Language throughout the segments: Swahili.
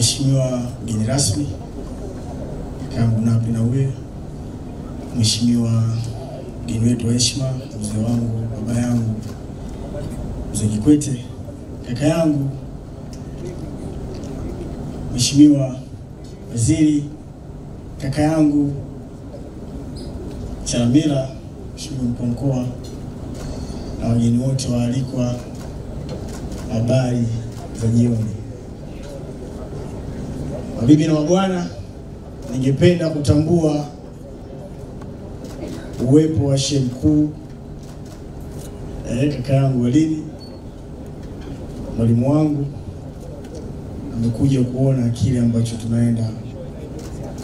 Mheshimiwa mgeni rasmi kangu Nape Nnauye, Mheshimiwa mgeni wetu wa heshima, mzee wangu, baba yangu mzee Kikwete, kaka yangu, Mheshimiwa waziri, kaka yangu Chalamila, Mheshimiwa mkuu mkoa na wageni wote waalikwa, habari za jioni. Mabibi na mabwana, ningependa kutambua uwepo wa shehe mkuu eh, kaka yangu Walidi, mwalimu wangu, amekuja kuona kile ambacho tunaenda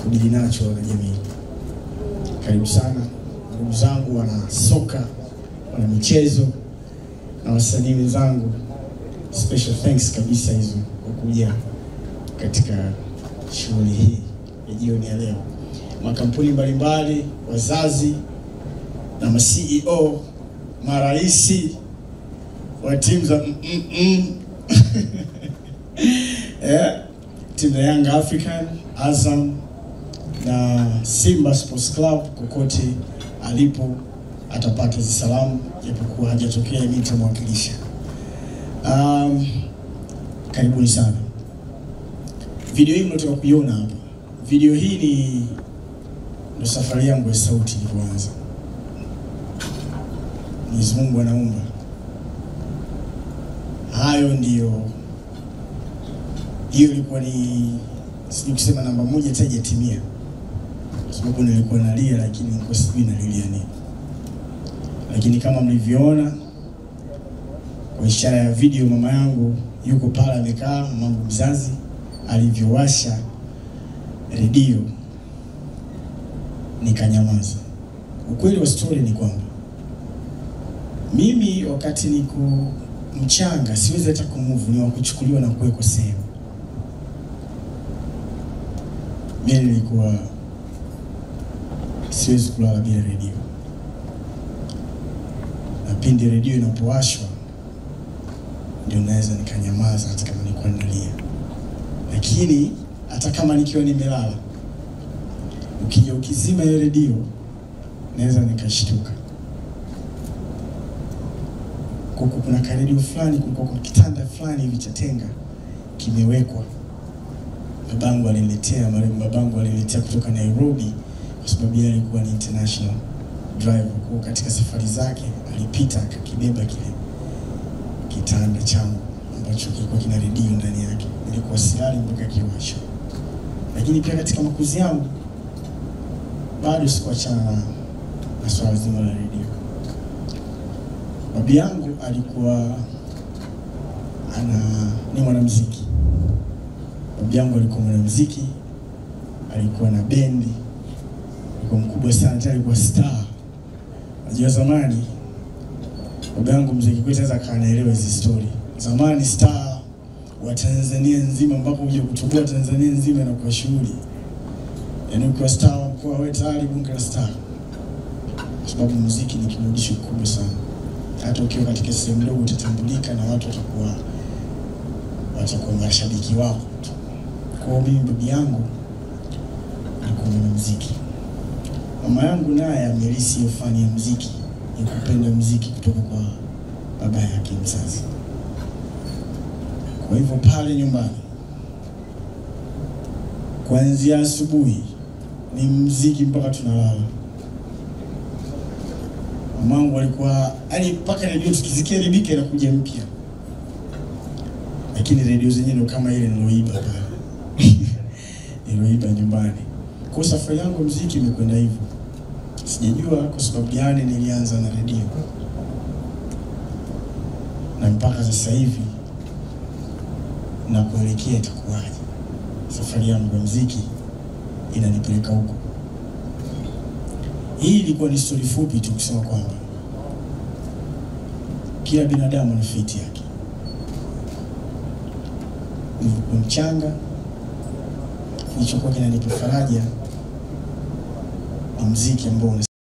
kudili nacho jamii Karibu sana ndugu zangu, wana soka, wana michezo na wasanii wenzangu, special thanks kabisa hizo kwa kuja katika shughuli hii ya jioni ya leo. Makampuni mbalimbali, wazazi na ma CEO, maraisi wa timu za mm yeah, timu ya Young African, Azam na Simba Sports Club kokote alipo atapata hizi salamu japokuwa hajatokea mimi nitamwakilisha. Um, karibuni sana. Video hii mnataka kuiona hapa. Video hii ni ndo safari yangu ya sauti ilivyoanza. Mwenyezi Mungu anaumba. Hayo ndiyo, hiyo ilikuwa ni sijui kusema namba moja itajatimia, kwa sababu nilikuwa nalia, lakini nilikuwa sijui nalilia nini, lakini kama mlivyoona kwa ishara ya video, mama yangu yuko pale amekaa, mamangu mzazi alivyowasha redio nikanyamaza. Ukweli wa stori ni kwamba mimi wakati niko mchanga siwezi hata kumuvu, ni wakuchukuliwa na kuwekwa sehemu. Mimi nilikuwa siwezi kulala bila redio, na pindi redio inapowashwa ndio naweza nikanyamaza, hata kama nilikuwa nalia. Lakini hata kama nikiwa nimelala, ukija ukizima hiyo redio, naweza nikashtuka. Kuko kuna karedio fulani, kuko kwa kitanda fulani hivi cha tenga kimewekwa. Babangu aliniletea, marehemu babangu aliniletea kutoka Nairobi, kwa sababu yeye alikuwa ni international driver, kwa katika safari zake alipita akakibeba kile kitanda changu ambacho kilikuwa kina redio ndani yake, nilikuwa silali mpaka kiwasha. Lakini pia katika makuzi yangu bado sikuachana na, na swala zima la redio. Babi yangu alikuwa ana ni mwanamuziki, babi yangu alikuwa mwanamuziki, alikuwa na bendi, alikuwa mkubwa sana, tena alikuwa star. Najua zamani baba yangu mzee Kikwete sasa akaanaelewa hizi story zamani star wa Tanzania nzima mpaka uje kuchukua Tanzania nzima na kwa shughuli. Yaani kwa star wa mkoa wewe tayari bunge la star, kwa sababu muziki ni kiburudisho kikubwa sana. Hata ukiwa katika sehemu ndogo utatambulika na watu watakuwa watakuwa mashabiki wako. Kwa mimi bibi yangu alikuwa na muziki, mama yangu naye amerithi hiyo fani ya muziki, ni kupenda muziki kutoka kwa baba yake mzazi. Kwa hivyo pale nyumbani kuanzia asubuhi ni mziki mpaka tunalala. Mamangu alikuwa yani, mpaka redio tukisikia libika inakuja mpya, lakini redio zenyewe kama ile niloiba pale niloiba nyumbani. Kwa safari yangu mziki imekwenda hivyo, sijajua kwa sababu gani nilianza na redio na mpaka sasa hivi na kuelekea itakuwaje. Safari yangu ya mziki inanipeleka huko. Hii ilikuwa ni stori fupi tu kusema kwamba kila binadamu ni fiti yake. ni mchanga, kilichokuwa kinanipa faraja ni mziki ambao